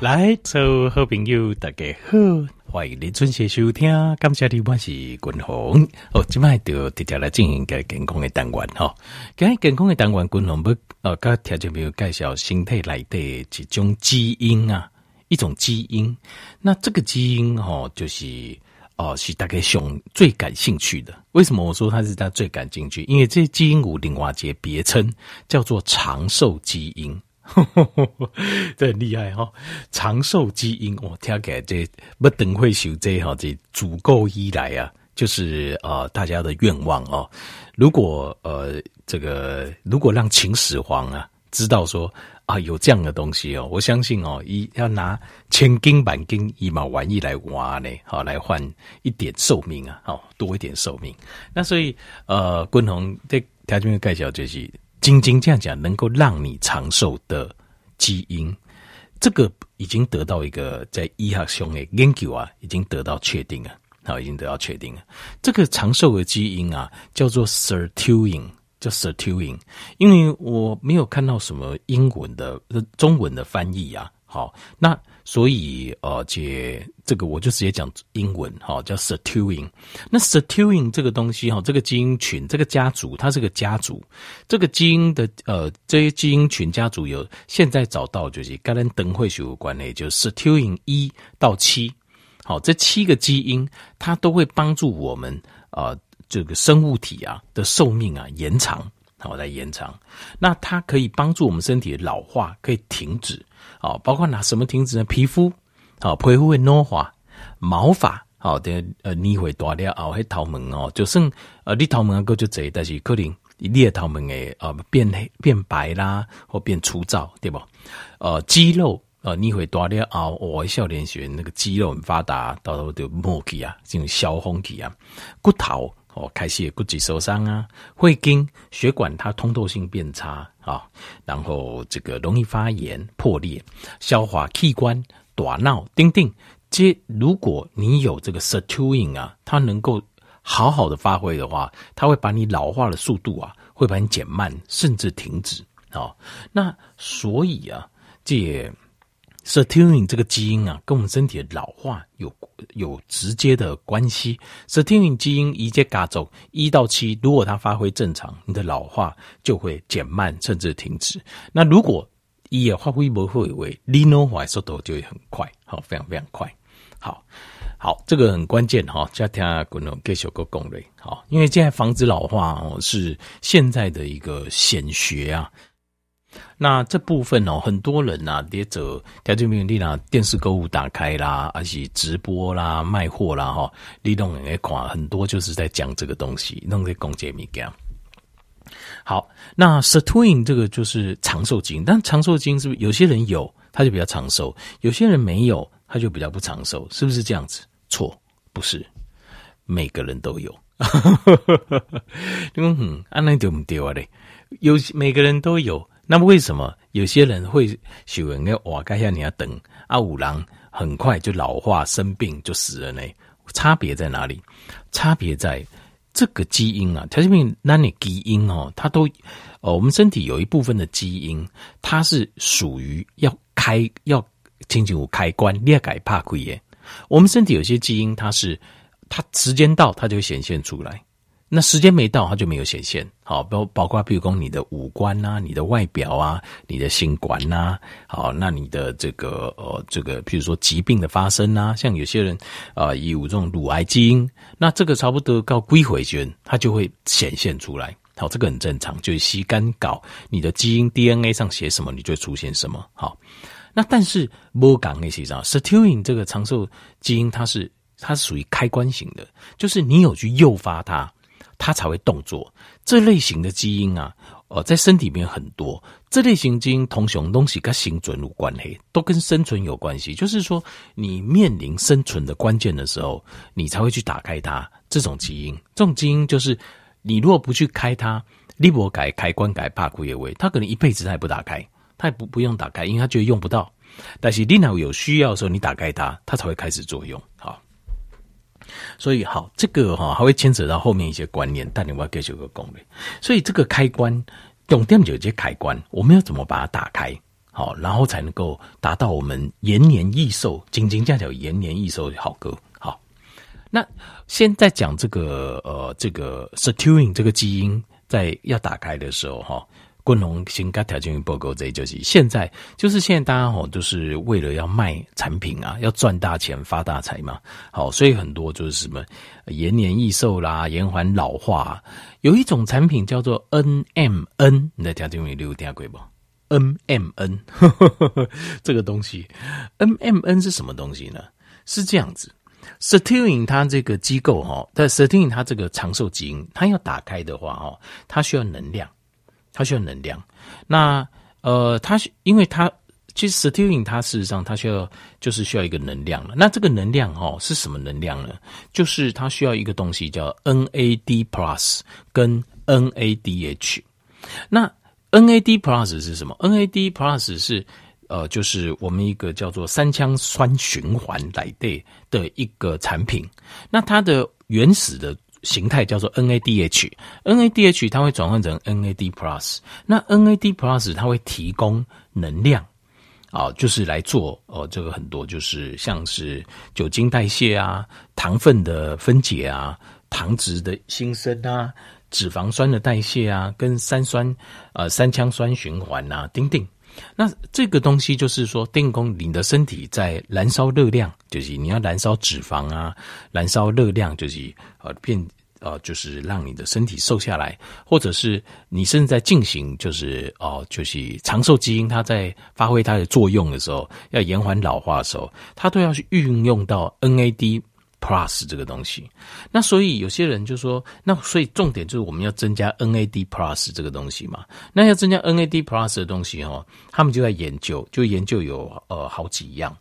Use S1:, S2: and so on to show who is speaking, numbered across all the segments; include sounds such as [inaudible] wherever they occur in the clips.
S1: 來，所有好朋友，大家好，歡迎你準時收聽。感謝你，我是軍宏，哦，這賣就直接來進行一個健康嘅單元吼。今日健康嘅單元，軍宏不，哦，今日聽眾朋友介紹，身體內底一種基因啊，一種基因。那這個基因哈，哦，就是哦，是大家上最感興趣的。為什麼我說它是他最感興趣？因為這基因有另外一個別稱，叫做長壽基因。呵呵呵， [laughs] 這很厲害哈！長壽基因，我跳講這不等會受這哈這個足夠依賴啊，就是啊、呃、大家的願望哦、喔。如果呃這個如果讓秦始皇啊知道說啊有這樣的東西哦、喔，我相信哦、喔、一要拿千斤萬金一毛玩意來挖呢，好來換一點壽命啊，好多一點壽命。那所以呃，共同這條件介紹就是。晶晶這樣講，真真真能夠讓你長壽的基因，這個已經得到一個在醫學上的研究啊，已經得到確定了。好，已經得到確定了。這個長壽的基因啊，叫做 Sirtuin，叫 Sirtuin。因為我沒有看到什麼英文的、中文的翻譯啊。好，那。所以，呃，且這個我就直接講英文，好、哦，叫 Sirtuin 那 Sirtuin 這個東西，哈、哦，這個基因群、這個家族，它是個家族。這個基因的，呃，這些基因群家族有現在找到就是跟燈會學有關的，就是 Sirtuin 一到七。好、哦，這七個基因，它都會幫助我們啊、呃，這個生物體啊的壽命啊延長，好、哦、來延長。那它可以幫助我們身體的老化可以停止。哦，包括拿什麼停止呢？皮膚，好皮膚會軟化，毛髮，好、喔，的呃，你會斷裂啊，會頭毛哦、喔，就算呃你頭毛個就這，但是可能你的頭毛的呃變黑變白啦，或變粗糙，對不？呃，肌肉，呃，你會斷裂啊，我的少年學那個肌肉很發達，到時候就磨去啊，這種消風去啊，骨頭。哦，開始、骨質受傷啊，會跟血管它通透性變差啊、哦，然後這個容易發炎、破裂、消化器官、打鬧丁丁。這如果你有這個 sirtuin 啊，它能夠好好的發揮的話，它會把你老化的速度啊，會把你減慢，甚至停止啊、哦。那所以啊，這。sirtuin 這個基因啊，跟我們身體的老化有有直接的關係。sirtuin 基因一接嘎走一到七，如果它發揮正常，你的老化就會減慢，甚至停止。那如果一也發揮不壞，為 Lino Y 速度就會很快，好，非常非常快。好，好，這個很關鍵哈。家庭功能給小哥共好，因為現在防止老化哦，是現在的一個顯學啊。那這部分哦，很多人吶、啊，咧着台中民立啦，電視購物打開啦，而且直播啦，賣貨啦，哈、哦，立冬人也講很多，就是在講這個東西，弄個講解咪講。好，那 sirtuin 這個就是長壽經，但長壽經是不是有些人有，他就比較長壽；有些人沒有，他就比較不長壽，是不是這樣子？錯，不是，每個人都有。哈哈哈哈哈哈嗯，安、啊、那對不對啊嘞？有，每個人都有。那麼為什麼有些人會喜歡？哎，哇！看下你要等阿五郎，很快就老化、生病就死了呢？差別在哪裡？差別在這個基因啊，它這邊那類基因哦，它都哦，我們身體有一部分的基因，它是屬於要開要輕輕有開關，你要改怕貴耶。我們身體有些基因，它是它時間到，它就顯現出來。那時間沒到，它就沒有顯現。好，包包括譬如說，你的五官吶、啊、你的外表啊、你的心管吶、啊。好，那你的這個呃這個，譬如說疾病的發生吶、啊，像有些人啊，呃、有這種乳癌基因，那這個差不多到歸回權，它就會顯現出來。好，這個很正常，就是吸干搞你的基因 DNA 上寫什麼，你就會出現什麼。好，那但是不講那些啥 sirtuin 這個長壽基因，它是它是屬於開關型的，就是你有去誘發它。它才會動作。這類型的基因啊，呃，在身體裡面很多。這類型基因同什麼東西跟生存有關係？都跟生存有關係。就是說，你面臨生存的關鍵的時候，你才會去打開它。這種基因，這種基因就是，你如果不去開它，力博改開關改怕枯葉萎，它可能一輩子它也不打開，它也不不用打開，因為它覺得用不到。但是，一旦有需要的時候，你打開它，它才會開始作用。好。所以好，這個哈還會牽扯到後面一些觀念，但你要給學個攻略。所以這個開關，用電有些開關，我們要怎麼把它打開？好，然後才能夠達到我們延年益壽、斤斤計較、延年益壽的好歌。好，那現在講這個呃，這個 Sirtuin 這個基因在要打開的時候哈。功能性加條件語報告，這就是現在，就是現在大家好、喔，就是為了要賣產品啊，要賺大錢、發大財嘛。好，所以很多就是什麼延年益壽啦、延緩老化、啊，有一種產品叫做 N M N，你在條件語裡有聽過不？N M N 呵呵呵這個東西，N M N 是什麼東西呢？是這樣子，sirtuin 它這個機構哈、喔，但 sirtuin 它這個長壽基因，它要打開的話哈、喔，它需要能量。它需要能量，那呃，它因為它其實 sirtuin 它事實上它需要就是需要一個能量了。那這個能量哦是什麼能量呢？就是它需要一個東西叫 NAD plus 跟 NADH。那 NAD plus 是什麼？NAD plus 是呃，就是我們一個叫做三羥酸循環來的的一個產品。那它的原始的。形態叫做 NADH，NADH 它會轉換成 NAD plus，那 NAD plus 它會提供能量，啊、哦，就是來做哦，這個很多就是像是酒精代謝啊、糖分的分解啊、糖質的新生啊、脂肪酸的代謝啊、跟三酸呃，三羧酸循環吶、啊、等等。那這個東西就是說，電工，你的身體在燃燒熱量，就是你要燃燒脂肪啊，燃燒熱量，就是呃變呃，就是讓你的身體瘦下來，或者是你甚至在進行，就是哦、呃，就是長壽基因它在發揮它的作用的時候，要延緩老化的時候，它都要去運用到 NAD。Plus 這個東西，那所以有些人就說，那所以重點就是我們要增加 NAD Plus 這個東西嘛。那要增加 NAD Plus 的東西哦，他們就在研究，就研究有，呃，好幾樣。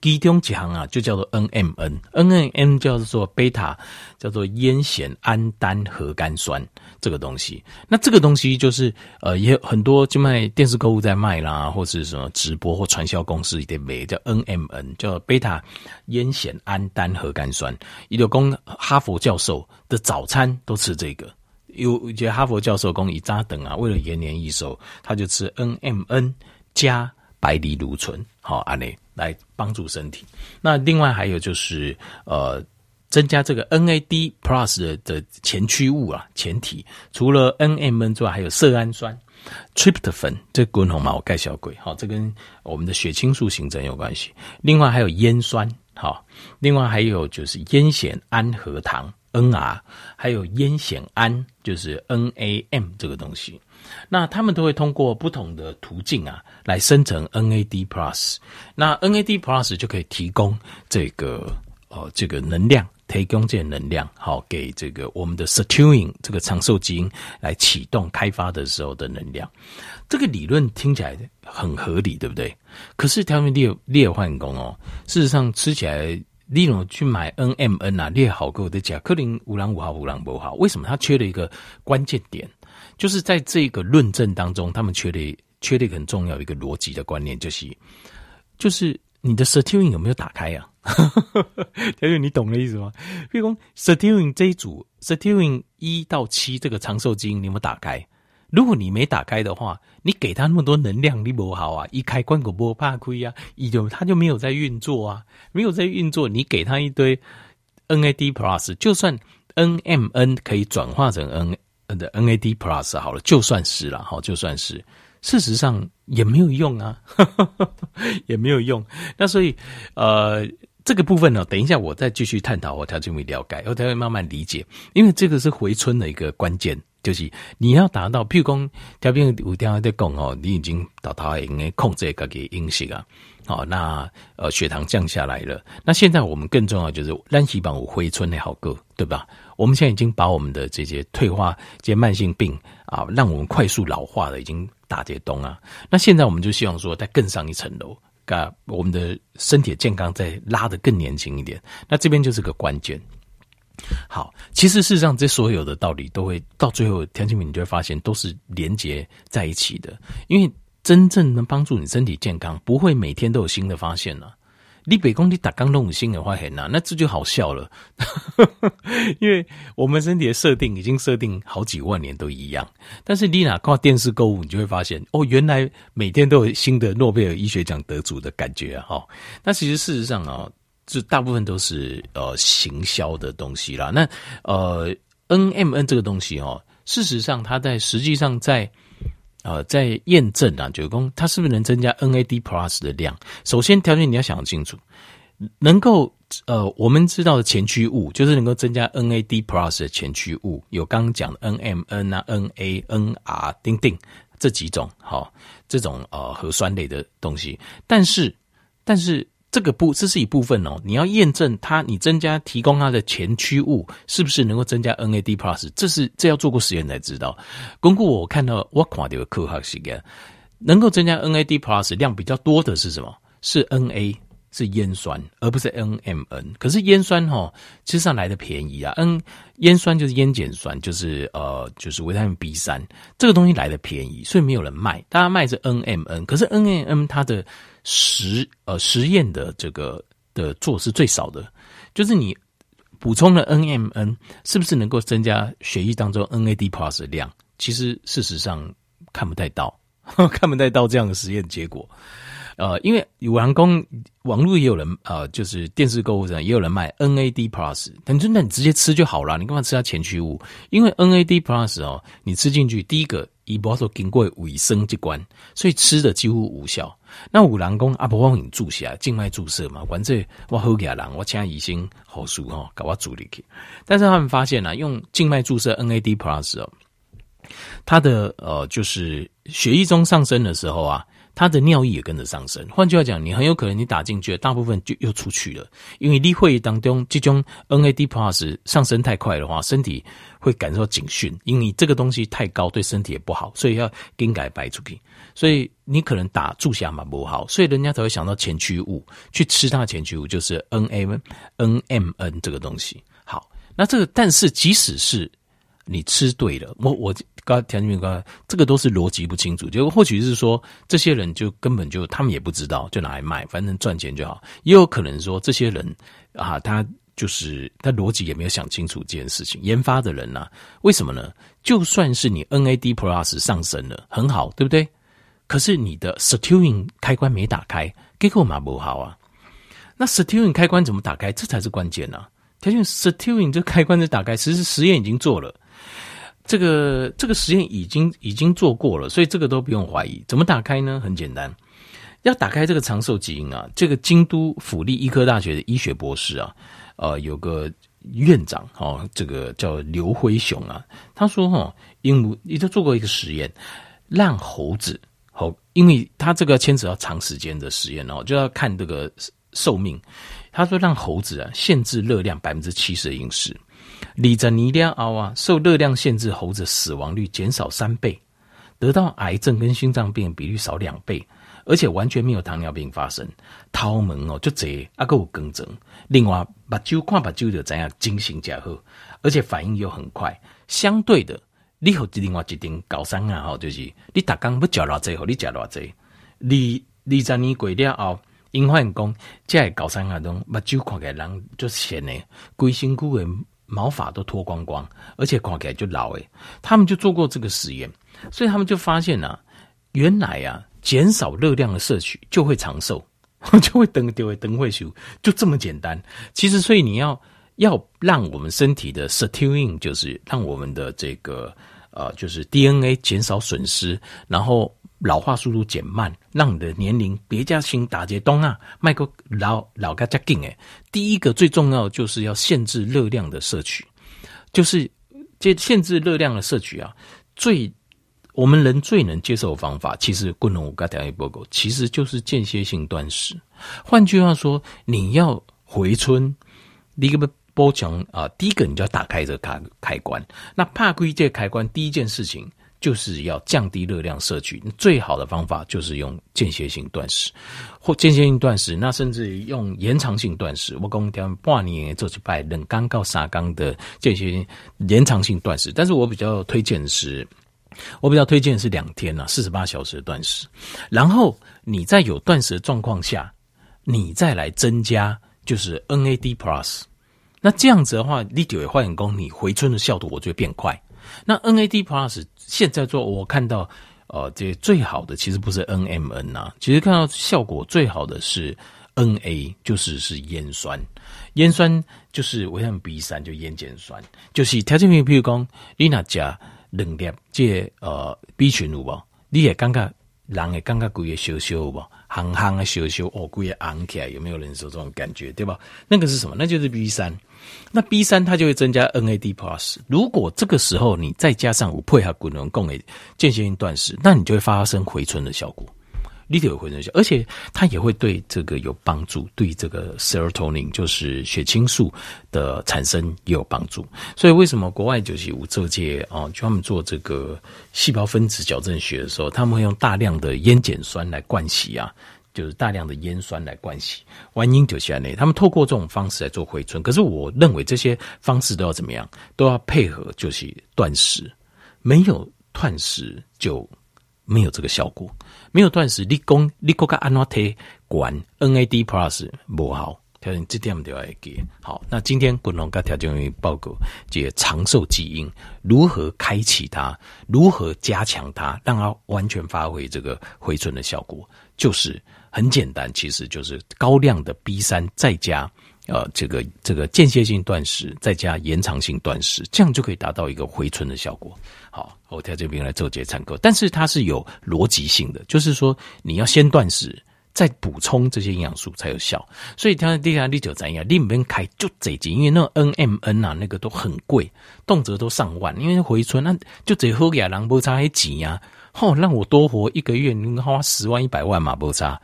S1: 其中幾行啊，就叫做 N M N，N M N 叫做貝塔，叫做菸酰胺單核苷酸這個東西。那這個東西就是呃，也有很多就賣電視購物在賣啦，或是什麼直播或傳銷公司也賣，叫 N M N，叫貝塔菸酰胺單核苷酸。有的說哈佛教授的早餐都吃這個，有一些哈佛教授說以扎等啊，為了延年益壽，他就吃 N M N 加白藜蘆醇，好，安利，來幫助身體。那另外還有就是，呃，增加這個 NAD plus 的的前驅物啊，前體，除了 NMN 之外，還有色氨酸、tryptophan，這跟紅毛蓋小鬼，好，這跟我們的血清素形成有關係。另外還有煙酸，好，另外還有就是煙酰胺核糖 NR，還有煙酰胺，就是 NAM 這個東西。那他們都會通過不同的途徑啊，來生成 NAD plus，那 NAD plus 就可以提供這個呃這個能量，提供這些能量，好、哦、給這個我們的 sirtuin 這個長壽基因來啟動開發的時候的能量。這個理論聽起來很合理，對不對？可是他們列列幻工哦，事實上吃起來，例如去買 NMN 啊，列好哥的甲克林烏蘭五號烏蘭五號，為什麼它缺了一個關鍵點？就是在這個論證當中，他們缺了一個，缺了一個很重要的一個邏輯的觀念，就是，就是你的 sirtuin 有沒有打開呀、啊？條 [laughs] 友你懂的意思嗎？譬如 sirtuin 這一組 sirtuin 一到七這個長壽基因你有沒有打開？如果你沒打開的話，你給他那麼多能量，你不好啊！一開關波怕虧呀，他就他就沒有在運作啊，沒有在運作，你給他一堆 NAD plus，就算 NMN 可以轉化成 N。的 NAD Plus 好了，就算是啦，好，就算是，事實上也沒有用啊，呵呵呵，也沒有用。那所以，呃，這個部分呢，等一下我再繼續探討，我才會了解，我才會慢慢理解，因為這個是回春的一個關鍵。就是你要達到，譬如講，這有五條在講哦，你已經到他應控制自己飲食啊，哦，那、呃、血糖降下來了。那現在我們更重要的就是，讓細胞回春的好歌對吧？我們現在已經把我們的這些退化、這些慢性病啊，讓我們快速老化的已經打結凍啊。那現在我們就希望說，再更上一層樓，我們的身體健康再拉得更年輕一點。那這邊就是個關鍵。好，其實事實上，這所有的道理都會到最後，田青平，你就會發現都是連接在一起的。因為真正能幫助你身體健康，不會每天都有新的發現，你比如說，你打剛弄五星的話很難，那這就好笑了。 [laughs] 因為我們身體的設定已經設定好幾萬年都一樣，但是你哪怕電視購物，你就會發現哦，原來每天都有新的諾貝爾醫學獎得主的感覺哈、啊哦。那其實事實上啊、哦。這大部分都是呃行銷的東西啦。那呃 N M N 這個東西哦，事實上它在實際上在呃在驗證啊，究竟它是不是能增加 N A D Plus 的量？首先條件你要想清楚，能夠呃我們知道的前驅物就是能夠增加 N A D Plus 的前驅物，有剛剛講的 N M N 啊、N A N R 等等這幾種，好、哦，這種呃核酸類的東西，但是但是。這個不，這是一部分哦。你要驗證它，你增加提供它的前驅物，是不是能夠增加 NAD plus？這是這要做過實驗才知道。鞏固我看到我看到，我看到的科學實驗，能夠增加 NAD plus 量比較多的是什麼？是 N A 是菸酸，而不是 N M N。可是菸酸哈、哦，其實上來的便宜啊。N 菸酸就是菸鹼酸，就是呃就是維他命 B 三，這個東西來的便宜，所以沒有人賣。大家賣是 N M N，可是 N M N 它的。實呃實驗的這個的做是最少的，就是你補充了 N M N，是不是能夠增加血液當中 N A D Plus 的量？其實事實上看不太到，看不太到這樣的實驗結果。呃，因為有完工網絡也有人呃，就是電視購物上也有人賣 N A D Plus，但正那你直接吃就好了，你幹嘛吃它前驅物？因為 N A D Plus 哦，你吃進去第一個一不說經過尾生這關，所以吃的幾乎無效。那五郎公阿婆幫伊注射靜脈注射嘛，反正我好幾人，我請醫生護士吼，給我注射去。但是他們發現呢、啊，用靜脈注射 NAD Plus，哦、它的呃就是血液中上升的時候啊。它的尿液也跟着上升，換句話講，你很有可能你打進去了，大部分就又出去了，因為例會當中這種 NAD plus 上升太快的話，身體會感受警訊，因為這個東西太高，對身體也不好，所以要趕快擺出去，所以你可能打注射蠻不好，所以人家才會想到前驅物，去吃它的前驅物就是 NMN、NMN、這個東西。好，那這個但是即使是。你吃對了，我我剛田軍哥，這個都是邏輯不清楚。就或許是說，這些人就根本就他們也不知道，就拿來賣，反正賺錢就好。也有可能說，這些人啊，他就是他邏輯也沒有想清楚這件事情。研發的人吶、啊，為什麼呢？就算是你 NAD Plus 上升了，很好，對不對？可是你的 Sirtuin 開關沒打開，結果嘛不好啊。那 Sirtuin 開關怎麼打開？這才是關鍵吶、啊。田軍 Sirtuin 這開關的打開，其實實驗已經做了。這個這個實驗已經已經做過了，所以這個都不用懷疑。怎麼打開呢？很簡單，要打開這個長壽基因啊！這個京都府立醫科大學的醫學博士啊，呃，有個院長哦，這個叫劉輝雄啊，他說哈、哦，因為他做過一個實驗，讓猴子猴，因為他這個要牽扯到長時間的實驗哦，就要看這個壽命。他說讓猴子啊，限制熱量百分之七十的飲食。二十年了後啊，受熱量限制，猴子死亡率減少三倍，得到癌症跟心臟病比率少兩倍，而且完全沒有糖尿病發生。頭毛哦，就這阿有公正。另外，目睭看目睭是知影精神假好，而且反應又很快。相對的，你和另外一頂高山啊，吼，就是你大剛要嚼多濟，和你嚼多濟。二，二十年過了後，因話講，即個高山下中目睭看個人就鮮嘞，規身軀個。毛髮都脫光光，而且看起來就老誒，他們就做過這個實驗，所以他們就發現吶、啊，原來呀、啊，減少熱量的攝取就會長壽，就會燈丟會登會壽，就這麼簡單。其實，所以你要要讓我們身體的 sirtuin，就是讓我們的這個呃，就是 DNA 減少損失，然後。老化速度減慢，讓你的年齡別加薪打劫東啊！邁克老老個加勁哎，第一個最重要就是要限制熱量的攝取，就是這限制熱量的攝取啊，最我們人最能接受的方法，其實功能我剛才也報告，其實就是間歇性斷食。換句話說，你要回春，你個不包講啊，第一個你就要打開這個開開關，那怕歸這個開關，第一件事情。就是要降低熱量攝取，最好的方法就是用間歇性斷食，或間歇性斷食，那甚至於用延長性斷食。我公爹半年做一次冷干高沙缸的間歇性延長性斷食，但是我比較推薦的是，我比較推薦是兩天啊四十八小時的斷食。然後你在有斷食的狀況下，你再來增加就是 NAD Plus，那這樣子的話，立體化功你回春的效果我就會變快。那 NAD Plus 現在做我看到，呃，這最好的其實不是 N M N 吶，啊，其實看到效果最好的是 N A，就是是煙酸。煙酸就是維他命 B 三就煙鹼酸、酸，就是條件品，比如講你那家兩粒，這呃 B 群有沒有，你也感覺，人也感覺骨也修修吧，行行啊修修哦，骨也昂起來，有沒有人說這種感覺對吧？那個是什麼？那就是 B 三。那 B 三它就會增加 NAD plus，如果這個時候你再加上五配合滾輪供給間歇性斷食，那你就會發生回春的效果，立刻有回春效，而且它也會對這個有幫助，對這個 serotonin 就是血清素的產生也有幫助。所以為什麼國外九七五這屆啊專門做這個細胞分子矯正學的時候，他們會用大量的菸鹼酸來灌洗啊？就是大量的煙酸來灌洗，完飲酒下來，他們透過這種方式來做回春。可是我認為這些方式都要怎麼樣，都要配合，就是斷食。沒有斷食就沒有這個效果。沒有斷食，你功立功噶阿諾特管 NAD Plus 不好，調整這點就要給好。那今天滾龍噶調整會報告，這長壽基因如何開啟它，如何加強它，讓它完全發揮這個回春的效果，就是。很簡單，其實就是高量的 B 三，再加呃這個這個間歇性斷食，再加延長性斷食，這樣就可以達到一個回春的效果。好，我在這邊來做節參考。但是它是有邏輯性的，就是說你要先斷食。再補充這些營養素才有效，所以他地下你就知道，你不用開就這幾，因為那個 N M N 啊，那個都很貴，動輒都上萬。因為回春、啊、好人那就這喝點藍不差還幾呀？哦，讓我多活一個月，你花十萬一百萬嘛？不差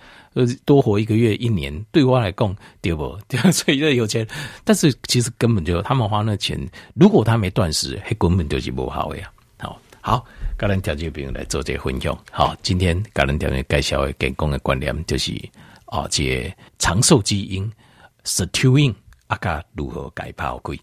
S1: 多活一個月一年，對我來講對不對？所以就有錢，但是其實根本就他們花那個錢，如果他沒斷食，還根本就是不好呀。好好。甲恁聽眾朋友來做這個分享，好，今天甲恁聽眾朋友介紹的健康的觀念就是，哦、一個啊，這長壽基因 sirtuin 阿如何解拋開。